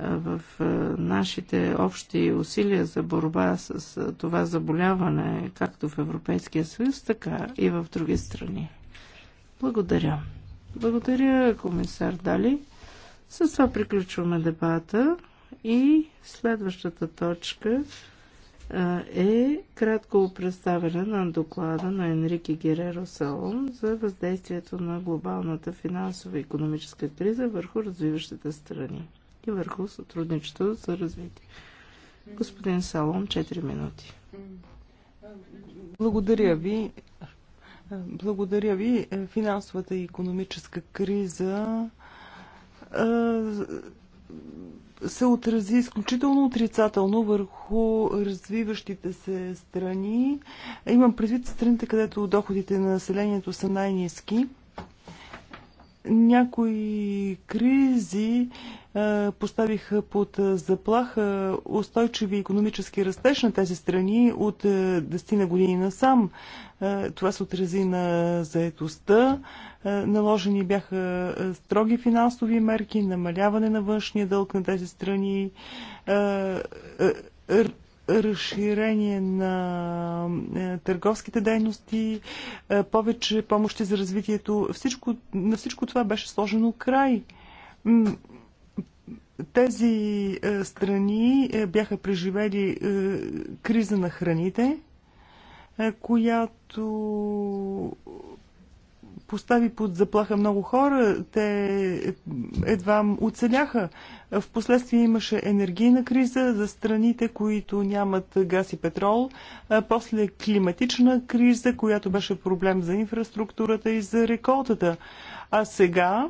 в нашите общи усилия за борба с това заболяване, както в Европейския съюз, така и в други страни. Благодаря. Благодаря, комисар Дали. С това приключваме дебата и следващата точка е кратко представяне на доклада на Енрике Гереро Салон за въздействието на глобалната финансова и економическа криза върху развиващите страни и върху сътрудничеството за развитие. Господин Салон, 4 минути. Благодаря ви. Благодаря ви. Финансовата и економическа криза се отрази изключително отрицателно върху развиващите се страни. Имам предвид страните, където доходите на населението са най-низки. Някои кризи поставиха под заплаха устойчиви економически растеж на тези страни от 10 на години насам. Това се отрази на заетостта. Наложени бяха строги финансови мерки, намаляване на външния дълг на тези страни, разширение на е, търговските дейности, е, повече помощи за развитието. Всичко, на всичко това беше сложено край. Тези е, страни бяха преживели криза на храните, която постави под заплаха много хора. Те едва оцеляха. В последствие имаше енергийна криза за страните, които нямат газ и петрол. После климатична криза, която беше проблем за инфраструктурата и за реколтата. А сега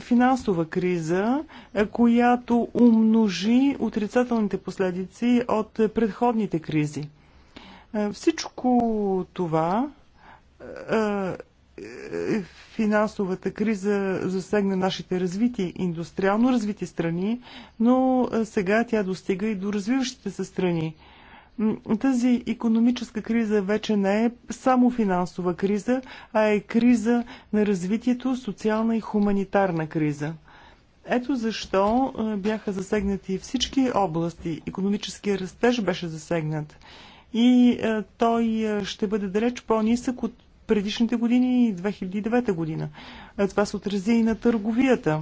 финансова криза, която умножи отрицателните последици от предходните кризи. Всичко това е, финансовата криза засегна нашите развити, индустриално развити страни, но е, сега тя достига и до развиващите се страни. Тази економическа криза вече не е само финансова криза, а е криза на развитието, социална и хуманитарна криза. Ето защо е, бяха засегнати всички области. Економическия растеж беше засегнат и той ще бъде далеч по-нисък от предишните години и 2009 година. Е, това се отрази и на търговията.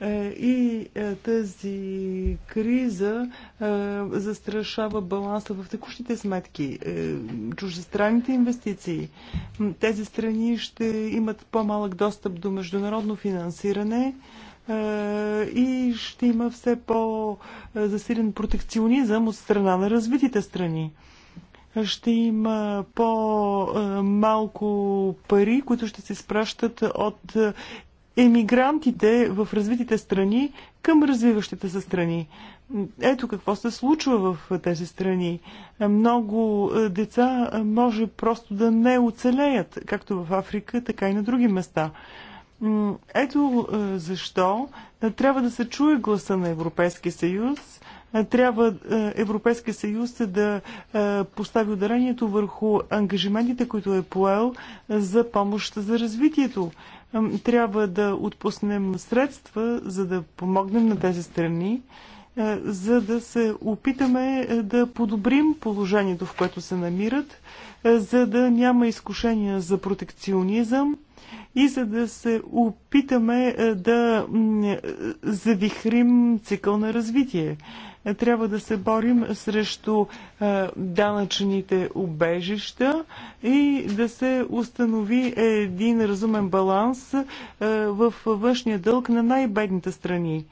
Е, и е, тази криза застрашава баланса в текущите сметки, чуждестранните инвестиции. Тези страни ще имат по-малък достъп до международно финансиране и ще има все по-засилен протекционизъм от страна на развитите страни ще има по-малко пари, които ще се спращат от емигрантите в развитите страни към развиващите се страни. Ето какво се случва в тези страни. Много деца може просто да не оцелеят, както в Африка, така и на други места. Ето е, защо трябва да се чуе гласа на Европейския съюз – е, трябва е, Европейския съюз да е, постави ударението върху ангажиментите, които е поел за помощ за развитието. Трябва да отпуснем средства, за да помогнем на тези страни е, за да се опитаме е, да подобрим положението, в което се намират, е, за да няма изкушения за протекционизъм и за да се опитаме да завихрим цикъл на развитие. Трябва да се борим срещу данъчните убежища и да се установи един разумен баланс в външния дълг на най-бедните страни.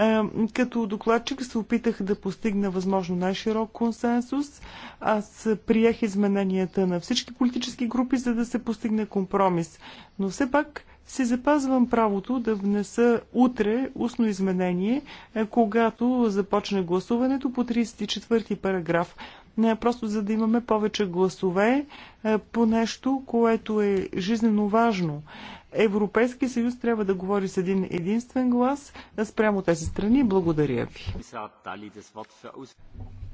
Е, като докладчик се опитах да постигна възможно най-широк консенсус. Аз приех измененията на всички политически групи, за да се постигне компромис. Но все пак си запазвам правото да внеса утре устно изменение, е, когато започне гласуването по 34 параграф. Не, просто за да имаме повече гласове е, по нещо, което е жизненно важно. Европейски съюз трябва да говори с един единствен глас спрямо тези страни. Благодаря ви.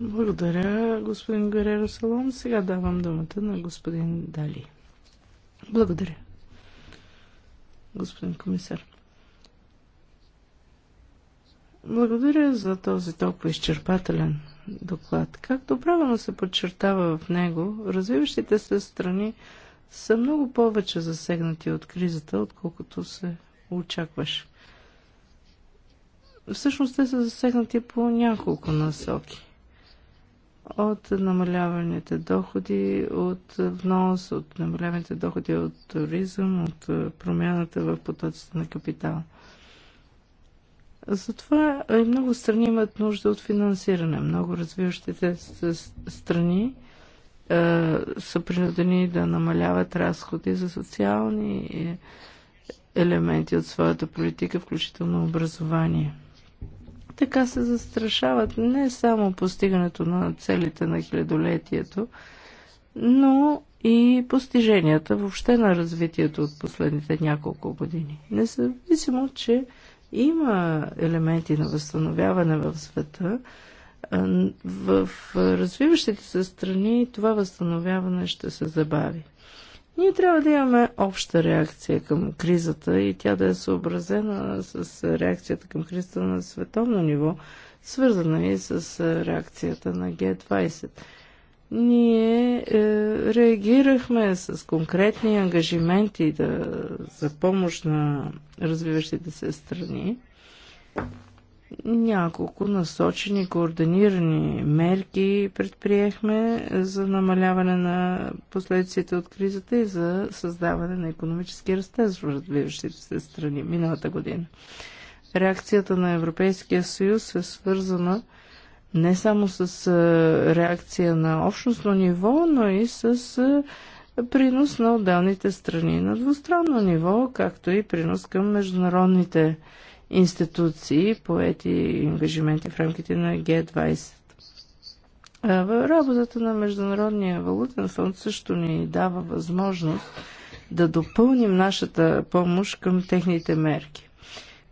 Благодаря, господин Гореро Салом. Сега давам думата на господин Дали. Благодаря, господин комисар. Благодаря за този толкова изчерпателен доклад. Както правилно се подчертава в него, развиващите се страни са много повече засегнати от кризата, отколкото се очакваше. Всъщност те са засегнати по няколко насоки. От намаляваните доходи от внос, от намаляваните доходи от туризъм, от промяната в потоците на капитал. Затова и много страни имат нужда от финансиране. Много развиващите страни е, са принудени да намаляват разходи за социални е, елементи от своята политика, включително образование. Така се застрашават не само постигането на целите на хилядолетието, но и постиженията въобще на развитието от последните няколко години. Независимо, че има елементи на възстановяване в света, в развиващите се страни това възстановяване ще се забави. Ние трябва да имаме обща реакция към кризата и тя да е съобразена с реакцията към кризата на световно ниво, свързана и с реакцията на Г-20. Ние е, реагирахме с конкретни ангажименти да, за помощ на развиващите се страни няколко насочени, координирани мерки предприехме за намаляване на последствията от кризата и за създаване на економически растеж в развиващите се страни миналата година. Реакцията на Европейския съюз е свързана не само с реакция на общностно ниво, но и с принос на отделните страни на двустранно ниво, както и принос към международните институции, поети ангажименти в рамките на Г-20. В работата на Международния валутен фонд също ни дава възможност да допълним нашата помощ към техните мерки.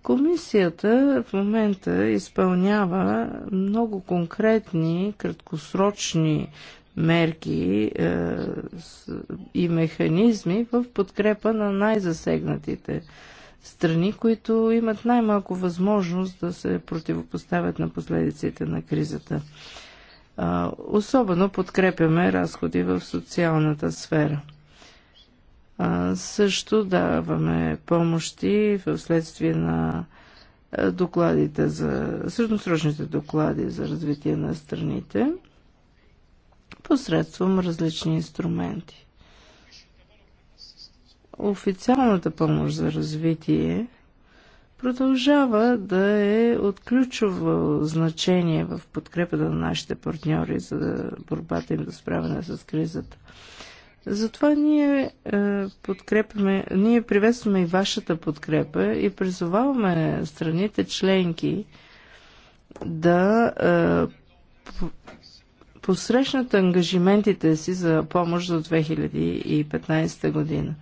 Комисията в момента изпълнява много конкретни, краткосрочни мерки е, и механизми в подкрепа на най-засегнатите страни, които имат най-малко възможност да се противопоставят на последиците на кризата. Особено подкрепяме разходи в социалната сфера. Също даваме помощи в следствие на докладите за средносрочните доклади за развитие на страните посредством различни инструменти официалната помощ за развитие продължава да е от ключово значение в подкрепата на нашите партньори за борбата им за справяне с кризата. Затова ние е, подкрепяме, ние приветстваме и вашата подкрепа и призоваваме страните членки да е, посрещнат ангажиментите си за помощ за 2015 година.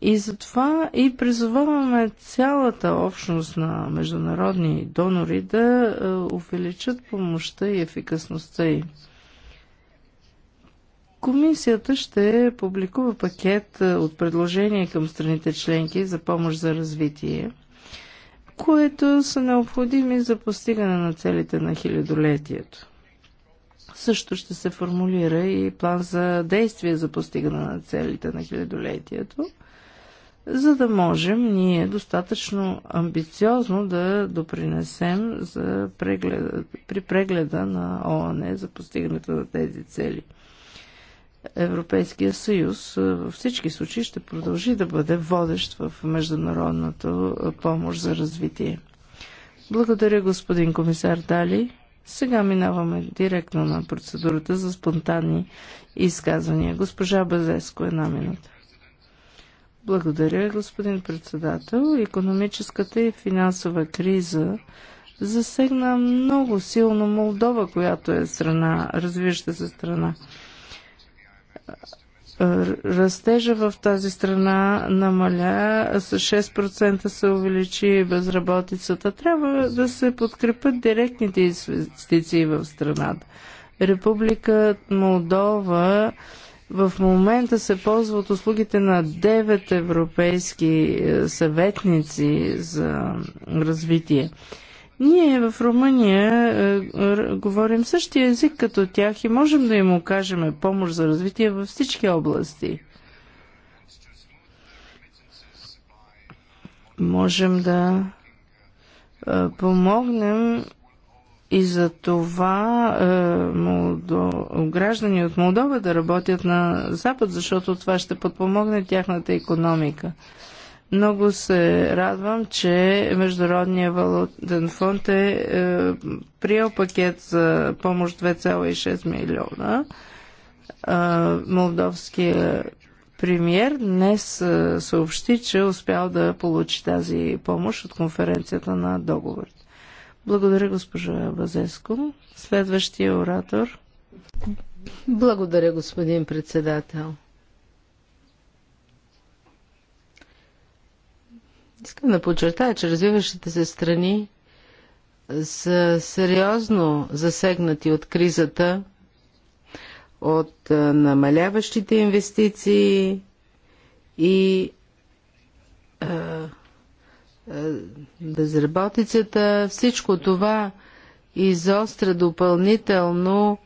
И затова и призоваваме цялата общност на международни донори да е, увеличат помощта и ефикасността й. Комисията ще публикува пакет е, от предложения към страните членки за помощ за развитие, които са необходими за постигане на целите на хилядолетието. Също ще се формулира и план за действие за постигане на целите на хилядолетието – за да можем ние достатъчно амбициозно да допринесем за прегледа, при прегледа на ООН за постигането на тези цели. Европейския съюз във всички случаи ще продължи да бъде водещ в международната помощ за развитие. Благодаря, господин комисар Дали. Сега минаваме директно на процедурата за спонтанни изказвания. Госпожа Базеско, една минута. Благодаря, господин председател. Економическата и финансова криза засегна много силно Молдова, която е страна, развиваща се страна. Растежа в тази страна намаля, с 6% се увеличи безработицата. Трябва да се подкрепят директните инвестиции в страната. Република Молдова в момента се ползват услугите на 9 европейски е, съветници за развитие. Ние в Румъния е, говорим същия език като тях и можем да им окажем помощ за развитие във всички области. Можем да е, помогнем и за това е, молдо, граждани от Молдова да работят на Запад, защото това ще подпомогне тяхната економика. Много се радвам, че Международния валутен фонд е, е приел пакет за помощ 2,6 милиона. Е, молдовския премьер днес е, съобщи, че е успял да получи тази помощ от конференцията на договорите. Благодаря, госпожа Базеско. Следващия оратор. Благодаря, господин председател. Искам да подчертая, че развиващите се страни са сериозно засегнати от кризата, от намаляващите инвестиции и а, е, безработицата, всичко това изостря допълнително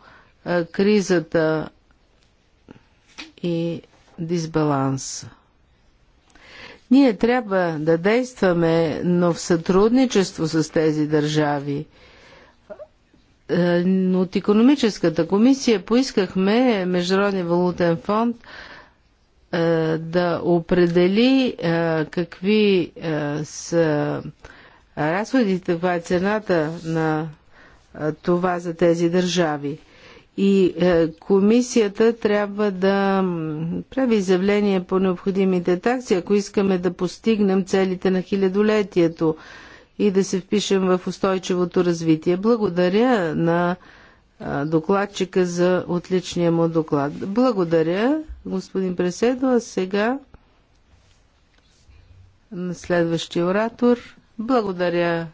е, кризата и дисбаланса. Ние трябва да действаме, но в сътрудничество с тези държави. Е, от економическата комисия поискахме Международния валутен фонд е, да определи е, какви е, са разходите, каква е цената на това за тези държави. И комисията трябва да прави изявление по необходимите такси, ако искаме да постигнем целите на хилядолетието и да се впишем в устойчивото развитие. Благодаря на докладчика за отличния му доклад. Благодаря господин Преседо, а сега на следващия оратор. Благодаря.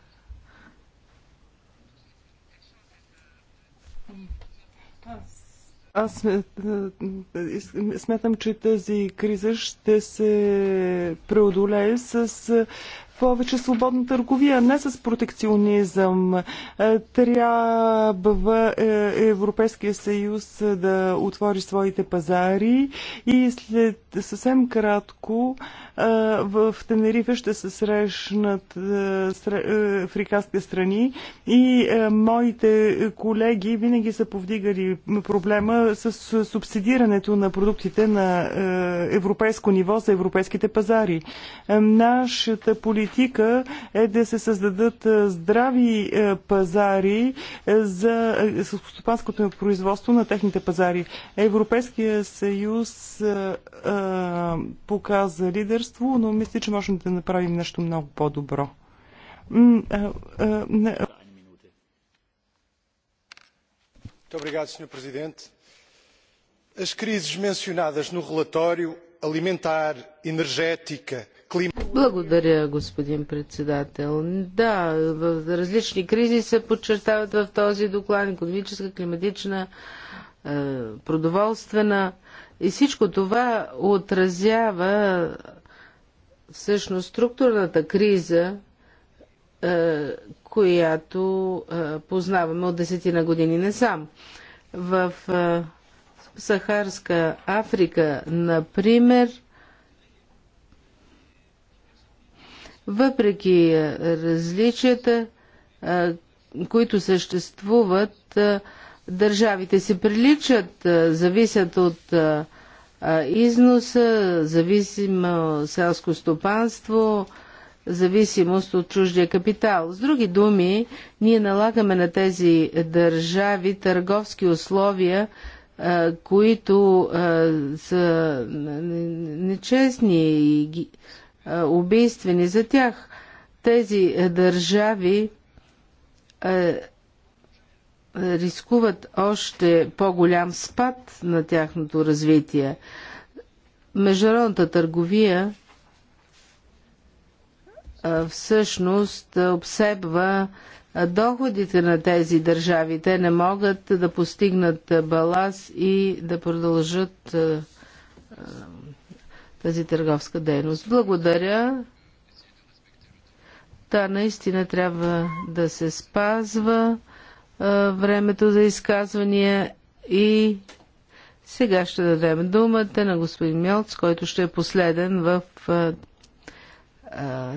Аз е, е, смятам, че тази криза ще се преодолее с е, повече свободна търговия, не с протекционизъм. Е, трябва е, Европейския съюз е, да отвори своите пазари и след съвсем кратко в Тенерифе ще се срещнат африканските страни и моите колеги винаги са повдигали проблема с субсидирането на продуктите на европейско ниво за европейските пазари. Нашата политика е да се създадат здрави пазари за стопанското производство на техните пазари. Европейския съюз показа лидерство качество, но мисля, че можем да направим нещо много по-добро. Sr. Presidente. As crises mencionadas no relatório alimentar, energética, Благодаря, господин председател. Да, различни кризи се подчертават в този доклад. Економическа, климатична, е, продоволствена. И всичко това отразява всъщност структурната криза, е, която е, познаваме от десетина години не сам. В е, Сахарска Африка, например, въпреки различията, които съществуват, държавите си приличат, зависят от износа, зависимо селско стопанство, зависимост от чуждия капитал. С други думи, ние налагаме на тези държави търговски условия, които са нечестни и убийствени за тях. Тези държави рискуват още по-голям спад на тяхното развитие. Международната търговия всъщност обсебва доходите на тези държави. Те не могат да постигнат баланс и да продължат тази търговска дейност. Благодаря. Та наистина трябва да се спазва времето за изказвания и сега ще дадем думата на господин Мелц, който ще е последен в а, а,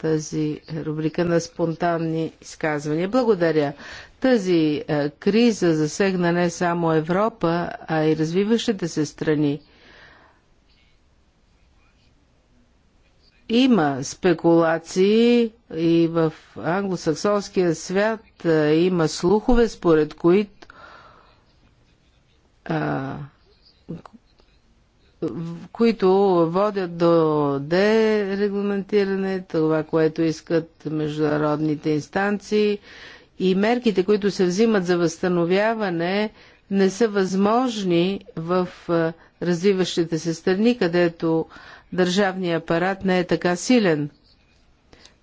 тази рубрика на спонтанни изказвания. Благодаря. Тази а, криза засегна не само Европа, а и развиващите се страни. Има спекулации и в англосаксонския свят има слухове, според които които водят до дерегламентиране, това, което искат международните инстанции и мерките, които се взимат за възстановяване не са възможни в развиващите се страни, където държавният апарат не е така силен.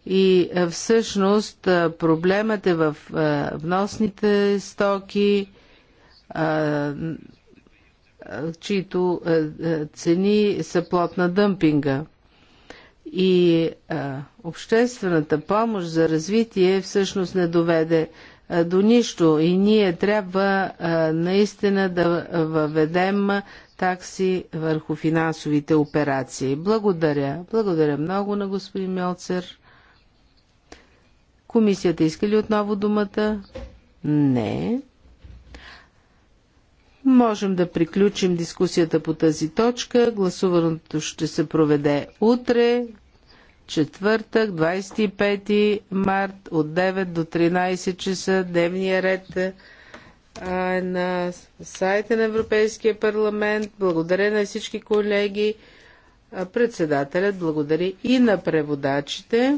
И всъщност проблемът е в вносните стоки, чието цени са плод на дъмпинга. И обществената помощ за развитие всъщност не доведе до нищо и ние трябва наистина да въведем такси върху финансовите операции. Благодаря. Благодаря много на господин Мелцер. Комисията иска ли отново думата? Не. Можем да приключим дискусията по тази точка. Гласуването ще се проведе утре четвъртък, 25 март от 9 до 13 часа. Дневния ред е на сайта на Европейския парламент. Благодаря на всички колеги. Председателят благодари и на преводачите.